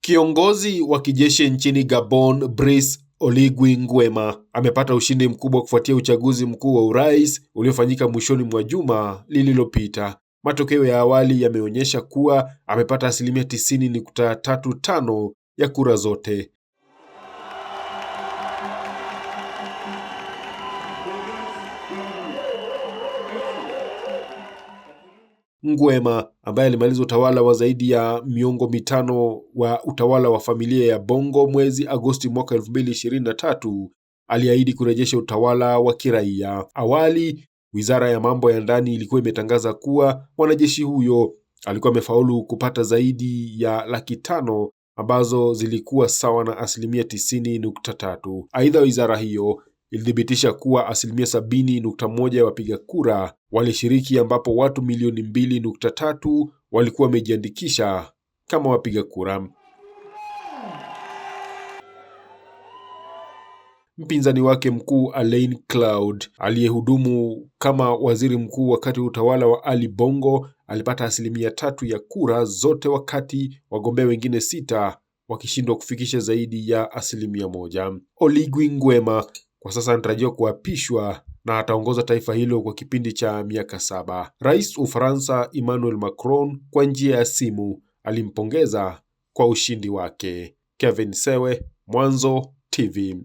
Kiongozi wa kijeshi nchini Gabon, Brice Oligui Nguema amepata ushindi mkubwa kufuatia uchaguzi mkuu wa urais uliofanyika mwishoni mwa juma lililopita. Matokeo ya awali yameonyesha kuwa amepata asilimia 90.35 ya kura zote. Ngwema ambaye alimaliza utawala wa zaidi ya miongo mitano wa utawala wa familia ya Bongo mwezi Agosti mwaka 2023 aliahidi kurejesha utawala wa kiraia. Awali, Wizara ya Mambo ya Ndani ilikuwa imetangaza kuwa mwanajeshi huyo alikuwa amefaulu kupata zaidi ya laki tano ambazo zilikuwa sawa na asilimia tisini nukta tatu. Aidha, wizara hiyo ilithibitisha kuwa asilimia sabini nukta moja ya wapiga kura walishiriki, ambapo watu milioni mbili nukta tatu walikuwa wamejiandikisha kama wapiga kura. Mpinzani wake mkuu Alain Cloud aliyehudumu kama waziri mkuu wakati wa utawala wa Ali Bongo alipata asilimia tatu ya kura zote, wakati wagombea wengine sita wakishindwa kufikisha zaidi ya asilimia moja. Oligui Nguema kwa sasa anatarajiwa kuapishwa na ataongoza taifa hilo kwa kipindi cha miaka saba. Rais wa Ufaransa Emmanuel Macron kwa njia ya simu alimpongeza kwa ushindi wake. Kevin Sewe, Mwanzo TV.